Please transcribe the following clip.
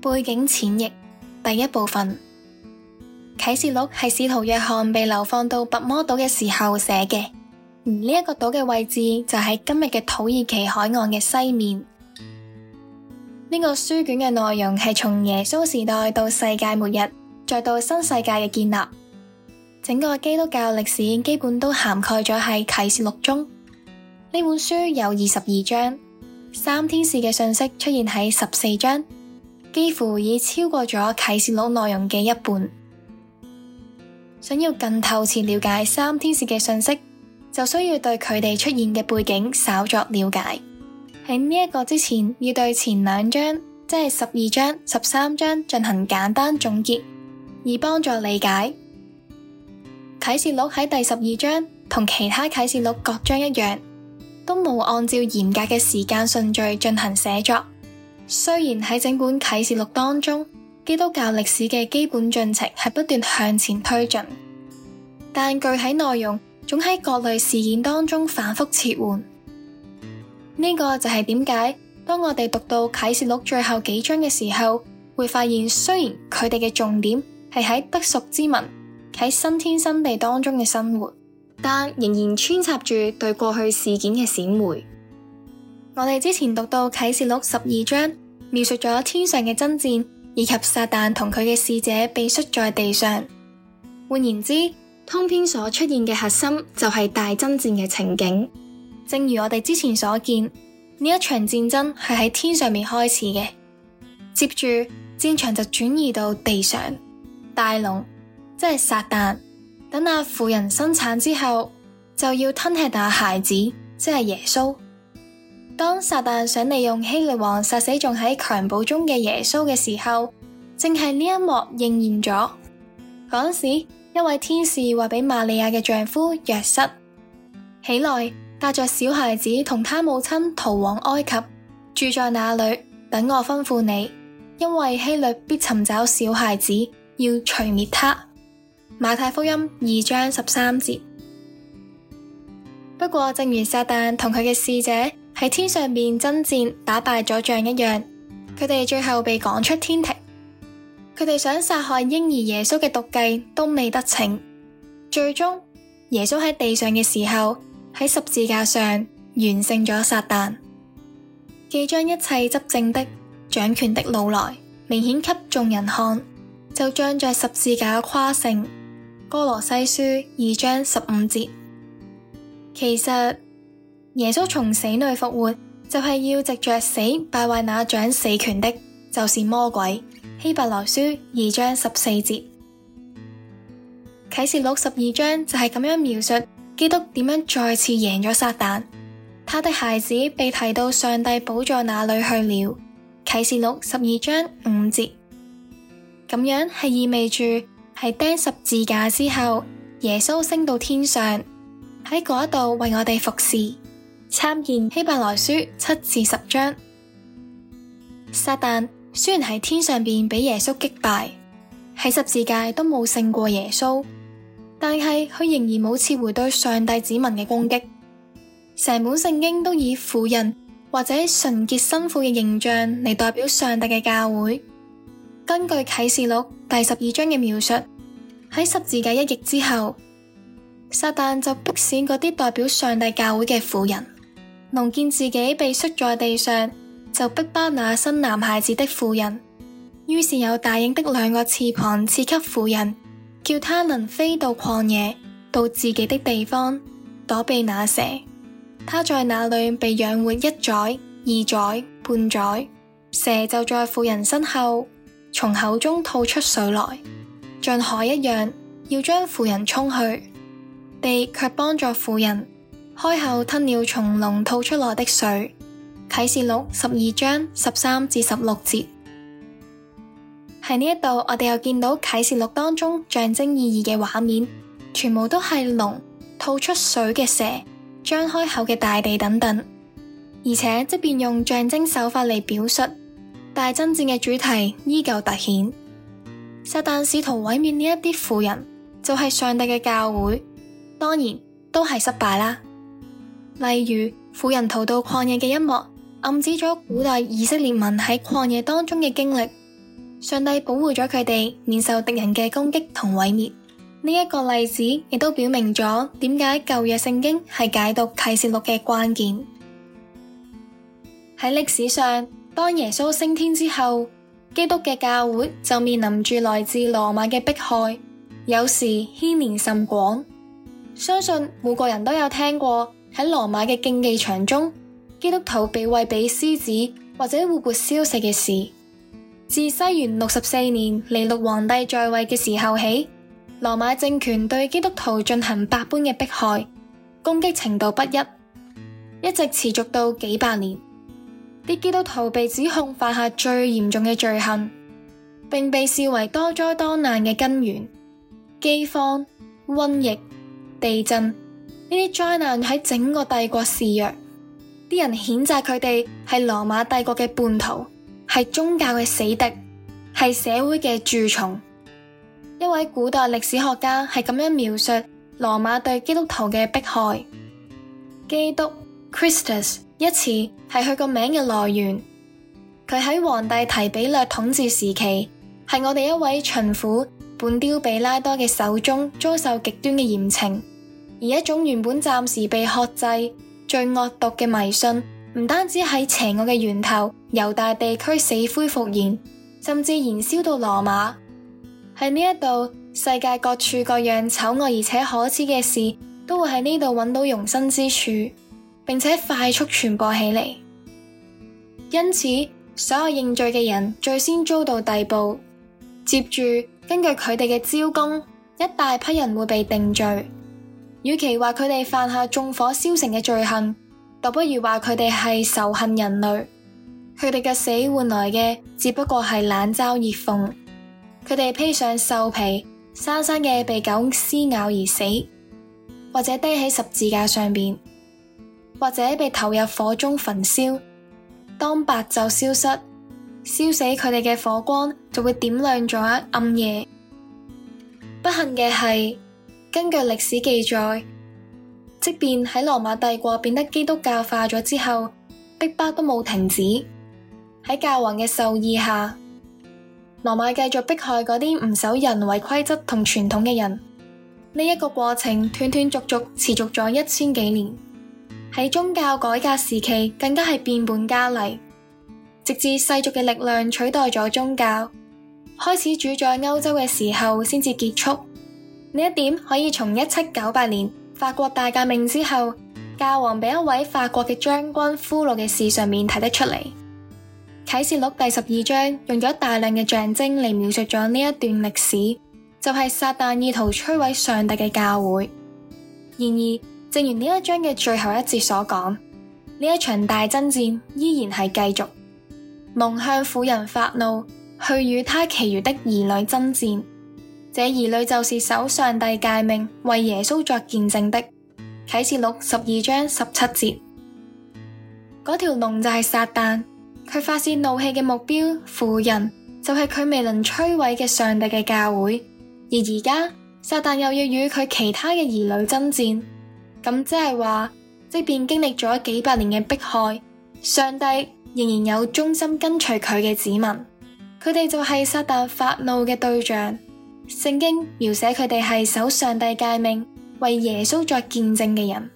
背景淺釋第一部分啟示錄係使徒約翰被流放到拔摩島嘅時候寫嘅，而呢一個島嘅位置就喺今日嘅土耳其海岸嘅西面。呢、這個書卷嘅內容係從耶穌時代到世界末日，再到新世界嘅建立，整個基督教歷史基本都涵蓋咗喺啟示錄中。呢本書有二十二章，三天使嘅信息出現喺十四章。幾乎已超過咗啟示錄內容嘅一半。想要更透徹了解三天使嘅信息，就需要對佢哋出現嘅背景稍作了解。喺呢一個之前，要對前兩章，即係十二章、十三章進行簡單總結，以幫助理解。啟示錄喺第十二章，同其他啟示錄各章一樣，都冇按照嚴格嘅時間順序進行寫作。雖然喺整本啟示錄當中，基督教歷史嘅基本進程係不斷向前推進，但具體內容總喺各類事件當中反覆切換。呢個就係點解當我哋讀到啟示錄最後幾章嘅時候，會發現雖然佢哋嘅重點係喺不熟之民喺新天新地當中嘅生活，但仍然穿插住對過去事件嘅閃回。我哋之前讀到啟示錄十二章，描述咗天上嘅爭戰，以及撒旦同佢嘅使者被摔在地上。換言之，通篇所出現嘅核心就係大爭戰嘅情景。正如我哋之前所見，呢一場戰爭係喺天上面開始嘅，接住戰場就轉移到地上。大龍，即係撒旦，等阿婦人生產之後，就要吞吃阿孩子，即係耶穌。當撒旦想利用希律王殺死仲喺襁褓中嘅耶穌嘅時候，正係呢一幕應驗咗。嗰時，一位天使話畀瑪利亞嘅丈夫約瑟：起來，帶着小孩子同他母親逃往埃及，住在那裏，等我吩咐你，因為希律必尋找小孩子，要除滅他。馬太福音二章十三節。不過，正如撒旦同佢嘅使者，喺天上邊爭戰打敗咗仗一樣，佢哋最後被趕出天庭。佢哋想殺害嬰兒耶穌嘅毒計都未得逞，最終耶穌喺地上嘅時候喺十字架上完勝咗撒旦，既將一切執政的掌權的擄來，明顯給眾人看，就仗著十字架嘅誇勝。哥羅西書二章十五節，其實。耶穌從死裏復活就係、是、要藉着死敗壞那掌死權的，就是魔鬼。希伯來書二章十四節。啟示錄十二章就係咁樣描述基督點樣再次贏咗撒旦，他的孩子被提到上帝寶座那裏去了。啟示錄十二章五節咁樣係意味住係釘十字架之後，耶穌升到天上喺嗰度為我哋服侍。參見希伯來書七至十章。撒旦雖然喺天上邊俾耶穌擊敗，喺十字架都冇勝過耶穌，但係佢仍然冇撤回對上帝子民嘅攻擊。成本聖經都以婦人或者純潔新婦嘅形象嚟代表上帝嘅教會。根據啟示錄第十二章嘅描述，喺十字架一役之後，撒旦就逼死嗰啲代表上帝教會嘅婦人。龍見自己被摔在地上，就逼迫那生男孩子的婦人，於是有大鷹的兩個翅膀賜給婦人，叫他能飛到曠野，到自己的地方躲避那蛇。他在那裡被養活一載、二載、半載，蛇就在婦人身後，從口中吐出水來，像河一樣，要將婦人沖去，地卻幫助婦人。開口吞了從龍吐出來的水，啟示錄十二章十三至十六節。喺呢一度我哋又見到啟示錄當中象徵意義嘅畫面，全部都係龍吐出水嘅蛇，張開口嘅大地等等，而且即便用象徵手法嚟表述，但真正嘅主題依舊凸顯。撒旦試圖毀滅呢一啲婦人，就係、是、上帝嘅教會，當然都係失敗啦。例如，婦人逃到曠野嘅一幕，暗指咗古代以色列民喺曠野當中嘅經歷。上帝保護咗佢哋，免受敵人嘅攻擊同毀滅。呢一個例子亦都表明咗點解舊約聖經係解讀啟示錄嘅關鍵。喺歷史上，當耶穌升天之後，基督嘅教會就面臨住來自羅馬嘅迫害，有時牽連甚廣。相信每個人都有聽過。喺羅馬嘅競技場中，基督徒被餵俾獅子或者活活燒死嘅事，自西元六十四年尼祿皇帝在位嘅時候起，羅馬政權對基督徒進行百般嘅迫害，攻擊程度不一，一直持續到幾百年，啲基督徒被指控犯下最嚴重嘅罪行，並被視為多災多難嘅根源：饑荒、瘟疫、地震。呢啲災難喺整個帝國肆虐，啲人譴責佢哋係羅馬帝國嘅叛徒，係宗教嘅死敵，係社會嘅蛀蟲。一位古代歷史學家係咁樣描述羅馬對基督徒嘅迫害。基督 Christus 一詞係佢個名嘅來源。佢喺皇帝提比略統治時期，係我哋一位巡撫本丟彼拉多嘅手中遭受極端嘅嚴懲。而一種原本暫時被克制、最惡毒嘅迷信，唔單止喺邪惡嘅源頭猶大地區死灰復燃，甚至燃燒到羅馬喺呢度，世界各處各樣醜惡而且可恥嘅事都會喺呢度揾到容身之處，並且快速傳播起嚟。因此，所有認罪嘅人最先遭到逮捕，接住根據佢哋嘅招供，一大批人會被定罪。與其話佢哋犯下縱火燒城嘅罪行，倒不如話佢哋係仇恨人類。佢哋嘅死換來嘅，只不過係冷嘲熱諷。佢哋披上獸皮，生生嘅被狗撕咬而死，或者低喺十字架上邊，或者被投入火中焚燒。當白晝消失，燒死佢哋嘅火光就會點亮咗一暗夜。不幸嘅係。根據歷史記載，即便喺羅馬帝國變得基督教化咗之後，逼迫都冇停止。喺教皇嘅授意下，羅馬繼續迫害嗰啲唔守人為規則同傳統嘅人。呢一個過程斷斷續續持續咗一千幾年。喺宗教改革時期，更加係變本加厲，直至世俗嘅力量取代咗宗教，開始主宰歐洲嘅時候，先至結束。呢一點可以從一七九八年法國大革命之後，教皇被一位法國嘅將軍俘虜嘅事上面睇得出嚟。啟示錄第十二章用咗大量嘅象徵嚟描述咗呢一段歷史，就係、是、撒旦意圖摧毀上帝嘅教會。然而，正如呢一章嘅最後一節所講，呢一場大爭戰依然係繼續，龍向婦人發怒，去與他其餘的兒女爭戰。這兒女就是守上帝誡命、為耶穌作見證的。啟示錄十二章十七節，嗰條龍就係撒旦，佢發洩怒氣嘅目標，婦人就係佢未能摧毀嘅上帝嘅教會。而而家撒旦又要與佢其他嘅兒女爭戰，咁即係話，即便經歷咗幾百年嘅迫害，上帝仍然有忠心跟隨佢嘅子民，佢哋就係撒旦發怒嘅對象。聖經描寫佢哋係守上帝誡命，為耶穌作見證嘅人。